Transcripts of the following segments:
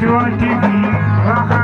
Joy TV.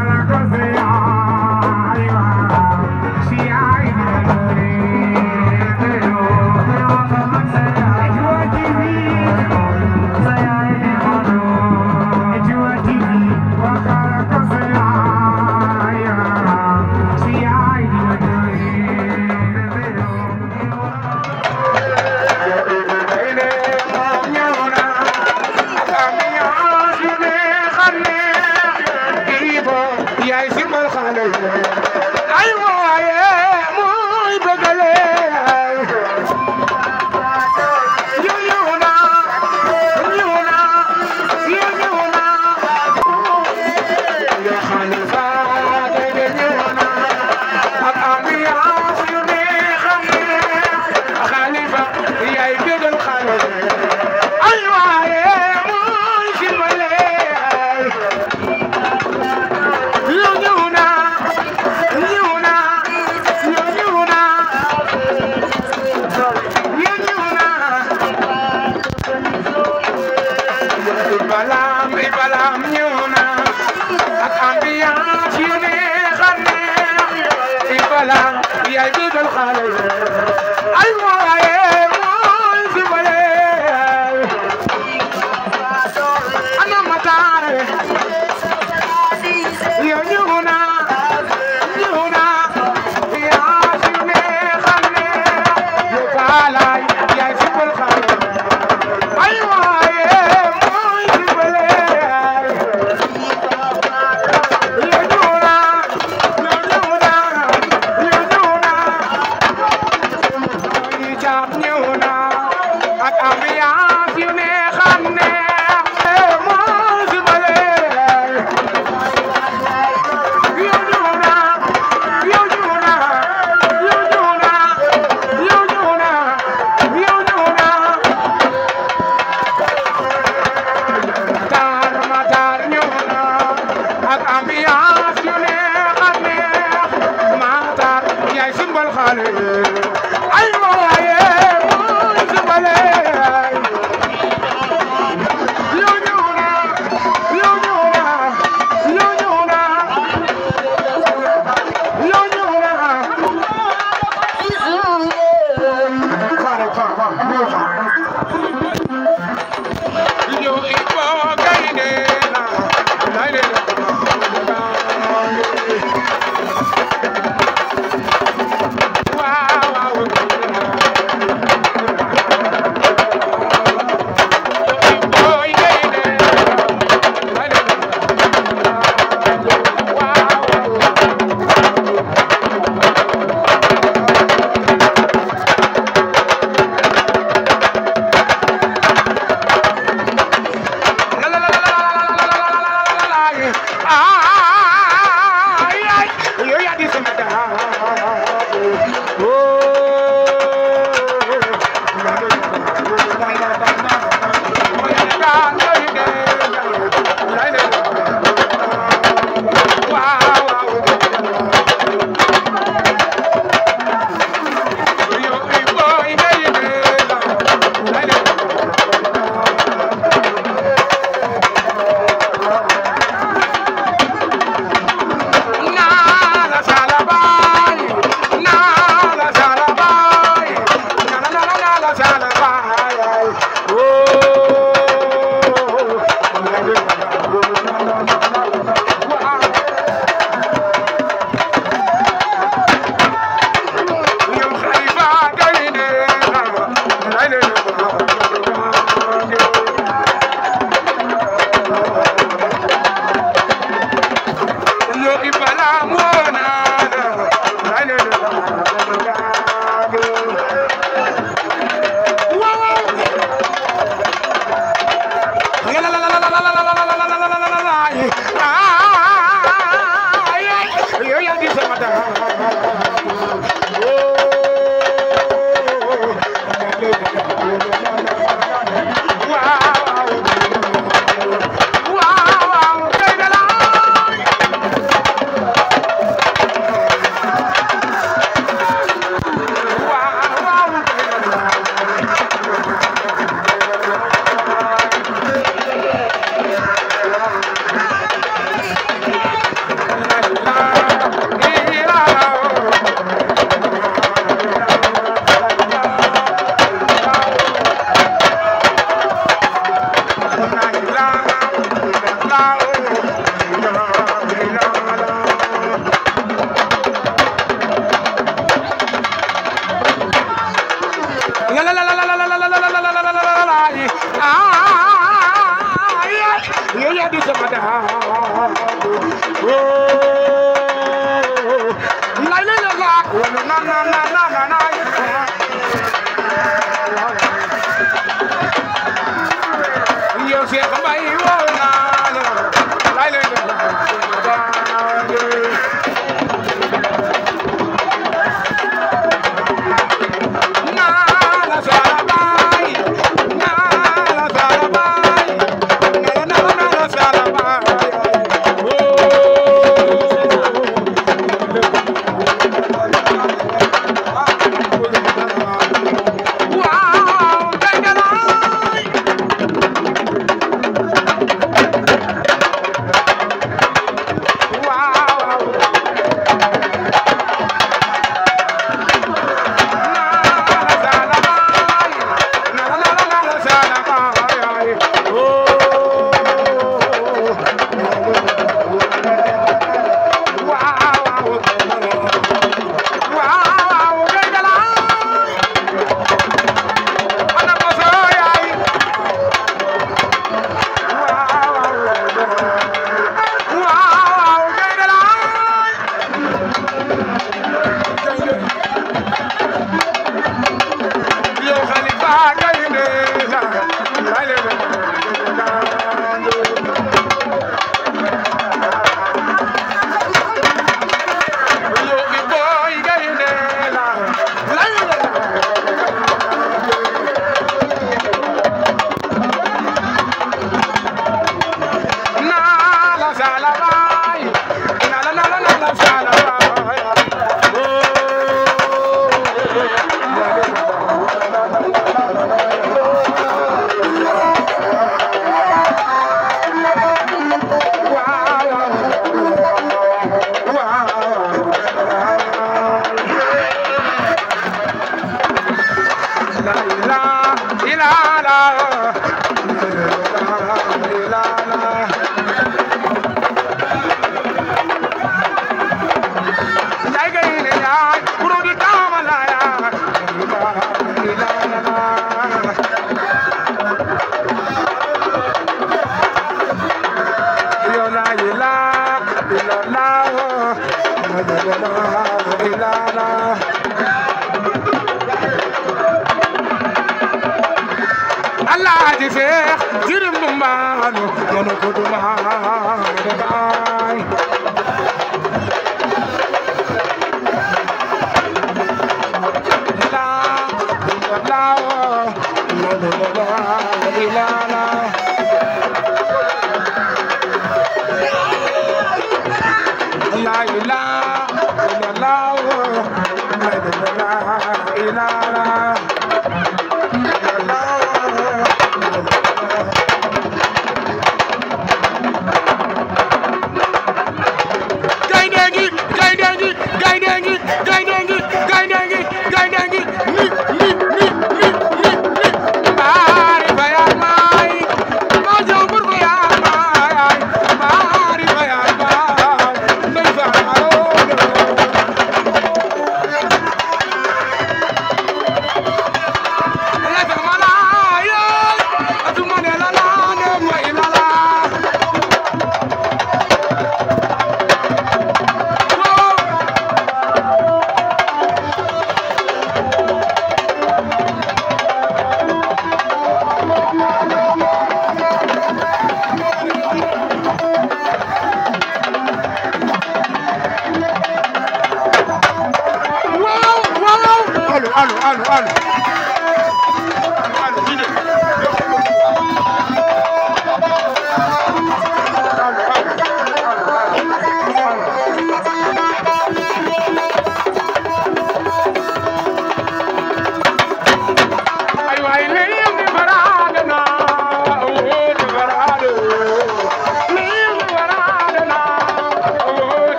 di feex jirim bu mbaanu yanu ko du maa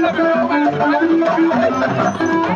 If you're At fake, at fake,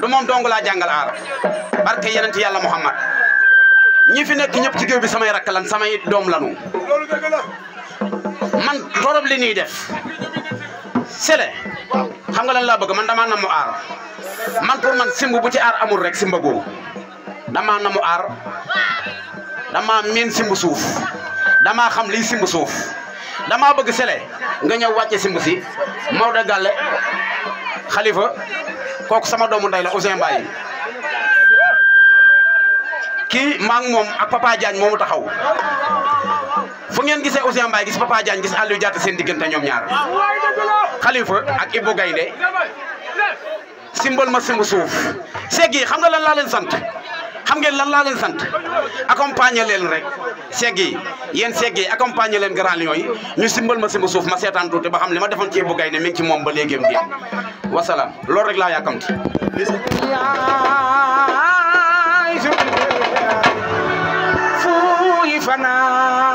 du mom dong la jangal aar barke yenente yalla Muhammad ñi fi nek ñep ci geew bi samay rak lan samay dom lanu man torop li ni def sele xam nga lan la bëgg man dama namu aar man pour man simbu bu ci aar amul rek simba go Dama namu aar Dama min simbu suuf dama xam li simbu suuf dama bëgg sele nga ñew wacce simbu si mawda Galle Khalifa kooku sama doomu nday la Ousseyn Mbaye kii maa ngi moom ak Papa moomu taxaw fu ngeen gisee Ousseyn Mbaye gis Papa Diagne gis Aliou Diatta seen diggante ñoom ñaar Khalifa ak Ibou Gaynde simbal ma simb suuf seeg xam nga lan laaleen sant xam ngeen lan laa leen sant accompagner leen rek segg yi yéen segg yi accompagner leen grand lion yi ñu simbal ma simba suuf ma seetaan tuuti ba xam li ma defoon ci bu gay ne mi ngi ci moom ba léegi am wasalaam loolu rek laa yàkkamti fu yi fanaan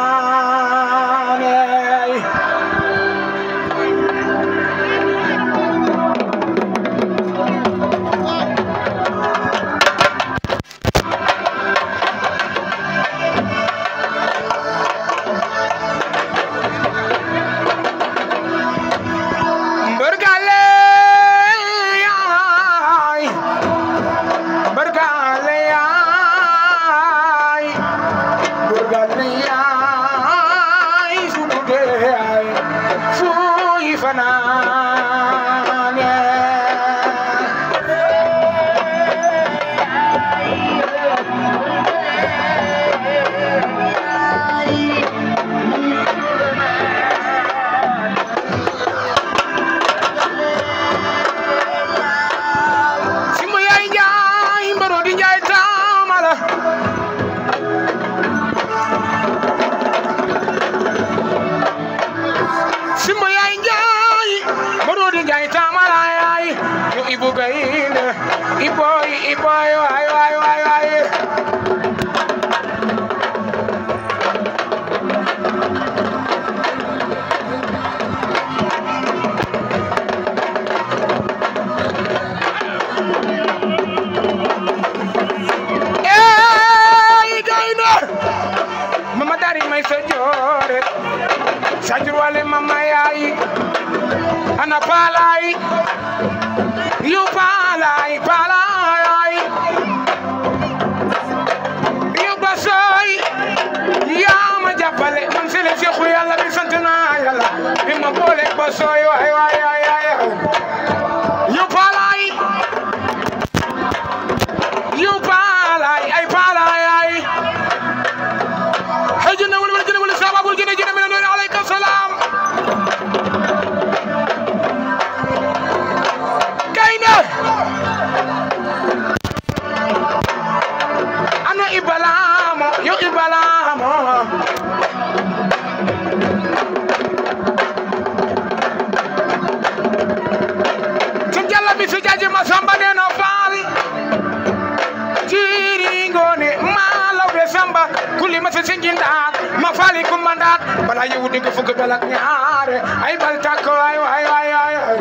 guddi ko fukki bal ak ñaare ay bal tàkk waay waay waay waay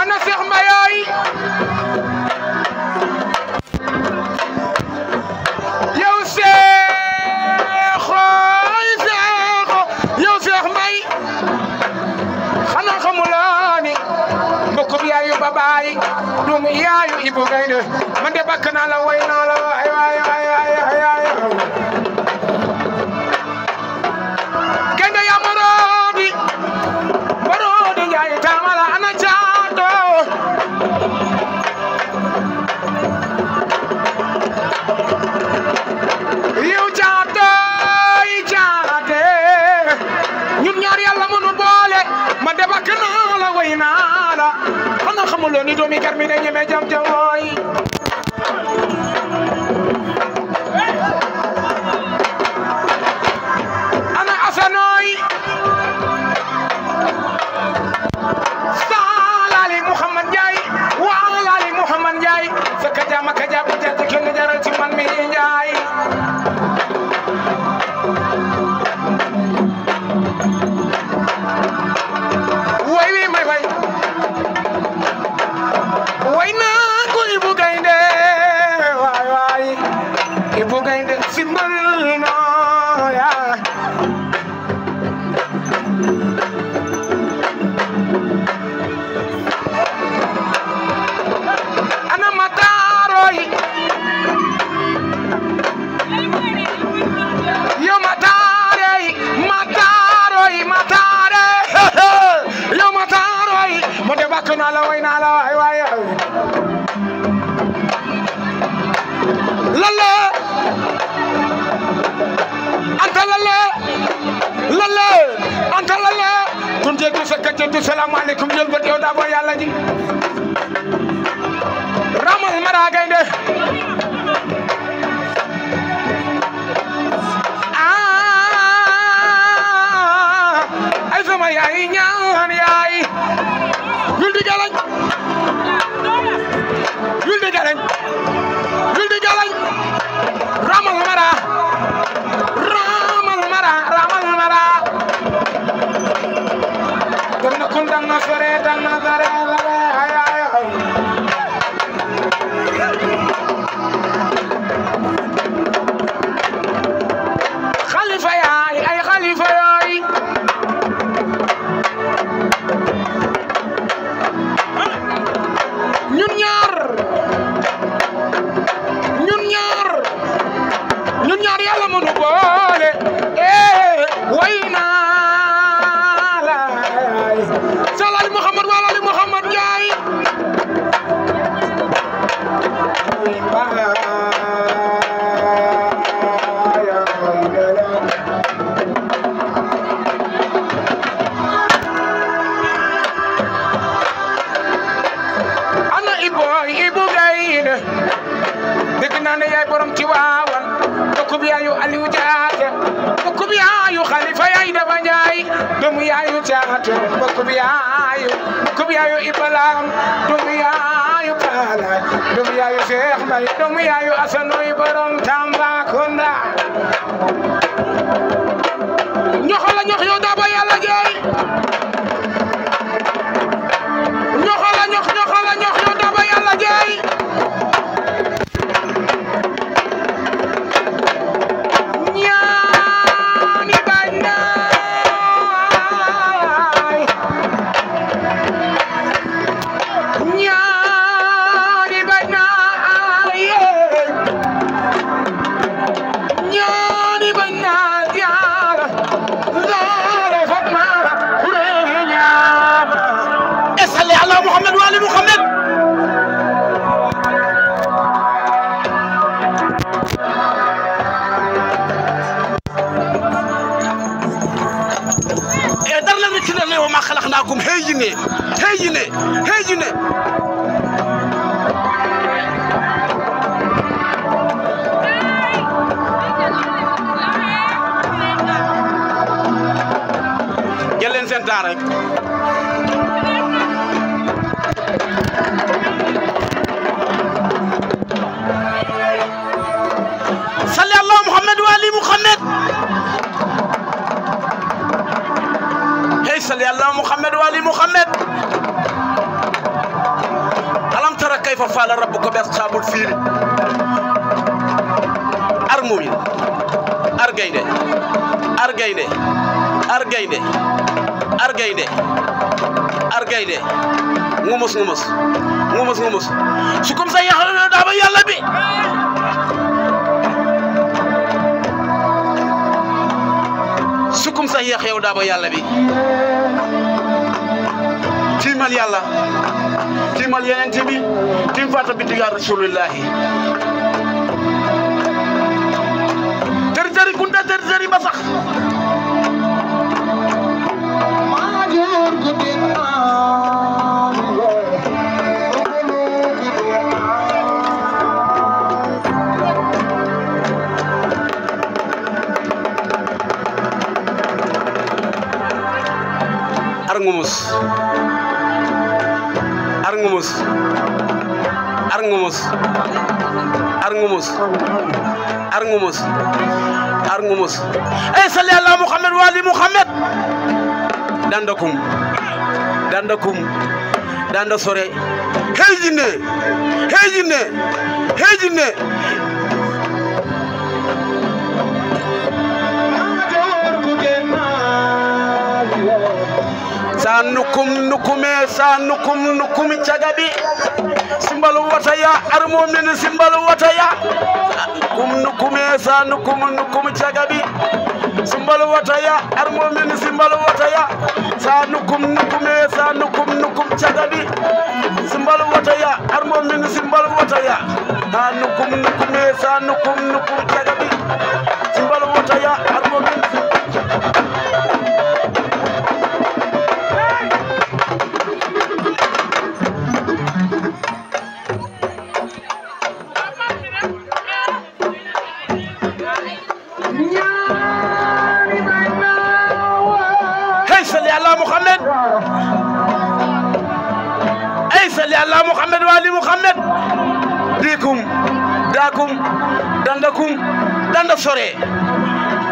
ana Cheikh Mbaye yow Cheikho Cheikho yow Cheikh Mbaye xanaa xamuloo ni mbokkum yaayu babaay dum yaayu Ibou Gaynde man de bakk naa la way naa la waay waay xamuloo ni doomi garmi ne ñeme jam jam waay yaay ñaan yaay Yuldi Galañ Yuldi Galañ Yuldi Galañ ramal mara ramal mara ramal mara dana kon dana sore dana sore dëkkub yaayu Aliou Diaté dëkkub yaayu Khalifa yaay Daba Ndiaye doomu yaayu Diaté dëkkub yaayu dëkkub yaayu Ibalam doomu yaayu Kala doomu yaayu Cheikh Mbaye doomu yaayu Asanoy borom Tambacounda ñox la ñox yow Daba Yàlla Jeey ñox la ñox ñox la ñox yow Daba Yàlla Jeey محمد قدرنا إيه، نتنى وما خلقناكم هيني هيني هيني Exatamente. salli ala muhammad wa ali alam tara kayfa faala rabbuka bi ashabul fiil ar mumin ar gaynde ar gaynde ar gaynde ar gaynde ar gaynde ngumus ngumus ngumus ngumus su kom sa yaxla daaba yàlla bi tax yéex yow daaba yàlla bi tiimal yàlla tiimal yeneen ti bi tiim faata bi digaar rasulillahi tëri tëri kunda tëri tëri ba sax maa joor arngumus arngumus arngumus arngumus arngumus arngumus ay eh, salli ala muhammad wa ali muhammad kum danda kum danda sore hey jinne hey jinne hey jinne sannukum nukume sannukum nukumi cagaɓi simbalu wataya armomnene simbalu wataya kum nukume sannukum nukumi cagaɓi simbalu wataya armomnene simbalu wataya sannukum nukume sannukum nukum cagaɓi simbalu wataya armomnene simbalu wataya ha nukum nukume sannukum nukum cagaɓi simbalu wataya ala muhammad ay salli ala muhammad wa ali muhammad dikum daakum dandakum danda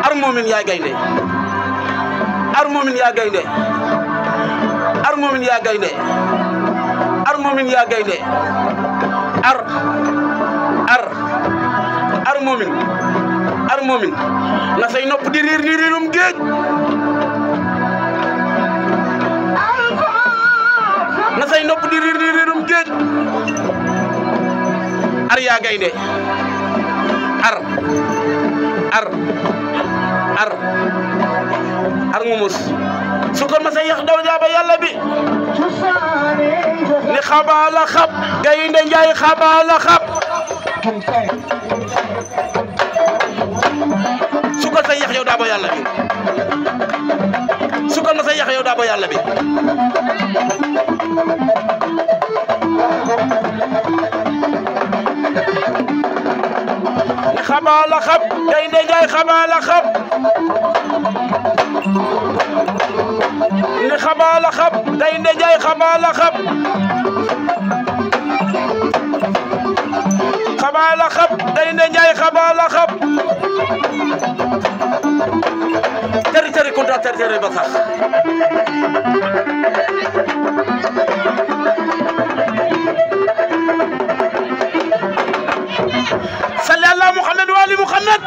ar mumin yaa gaynde ar mumin yaa gaynde ar mumin yaa gaynde ar mumin yaa gaynde ar ar ar ar mumin na nopp di riir ni na say nopp di riir di riirum ar yaa gaynde ar ar ar ar ngumus su ma sa yax daw jaaba yàlla bi ni xabaala xab gaynde njaay xabaala xab xamaa la xam Gaynde Njaay xamaa la xam li xamaa la xam Gaynde Njaay Mohamed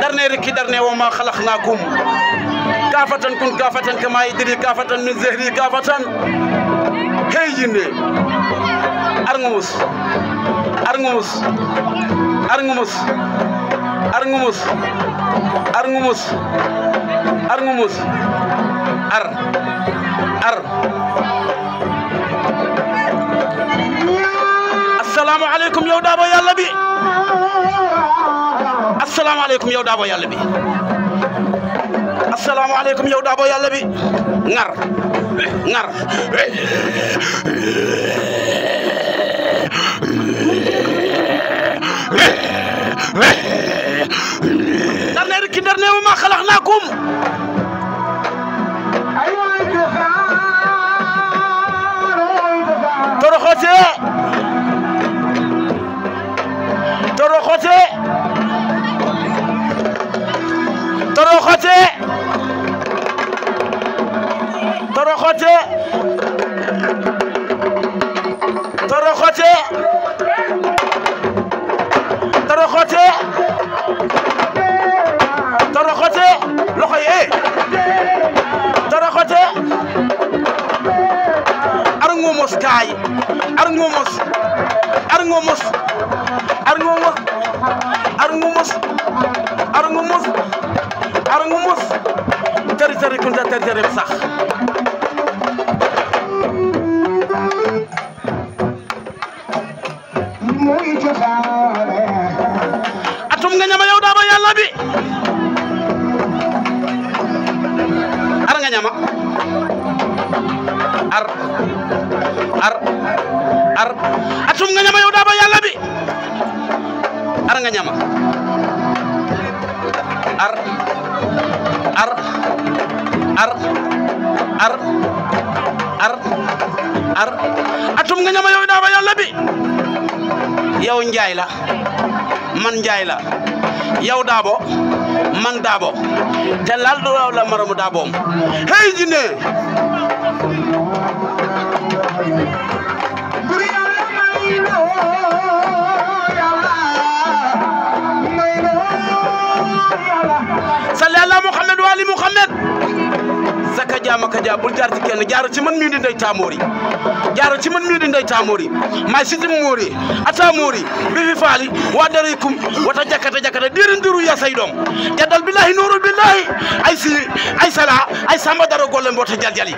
darne rikki darne wo ma khalaqnakum kafatan kun kafatan kama yidri kafatan min zahri kafatan heyinde arngumus arngumus arngumus arngumus arngumus arngumus ar ar asalaamaaleykum yow daabo yàlla bi asalaamaaleykum yow daabo yàlla bi asalaamaaleykum yow daabo yàlla bi ŋar ŋar darneeri ki darneewu ma xalax naa kum arngomos arngomos arngomos arngomos arngomos arngomos tari tari kunta tari tari sax ar ar ar ar ar ar atum nga ñama yow daaba yàlla bi yow njaay la man njaay la yow daabo man daabo te laal du la maramu daaboom hey jinne Ali Mouhamed saka jaama ka bul jaar ci kenn jaaro ci man mii di ndey taamoori jaaro ci man mii di ndey taamoori maay siti moori ata moori bi fi faali waa daraykum wata jakata jakata diirin diru ya say doom jaddal billahi nuurul billahi ay si ay sala ay samba daro golle mboota jaljali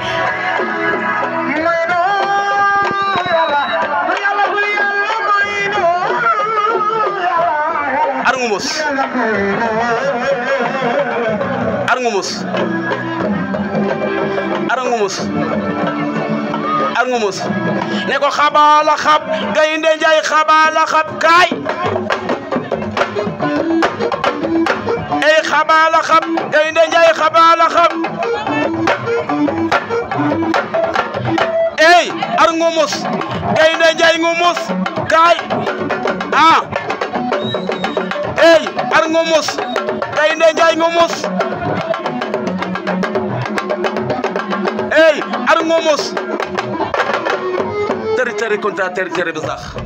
ar ar ngumus ar ngumus ar ngumus ne ko xabaala xab gaynde njaay xabaala xab kaay ey xabaala xab gaynde njaay xabaala xab ey ar ngumus gaynde njaay ngumus kaay ah ey ar ngumus gaynde njaay ngumus aɗa gomos tari tari konta tari tari ɓe sah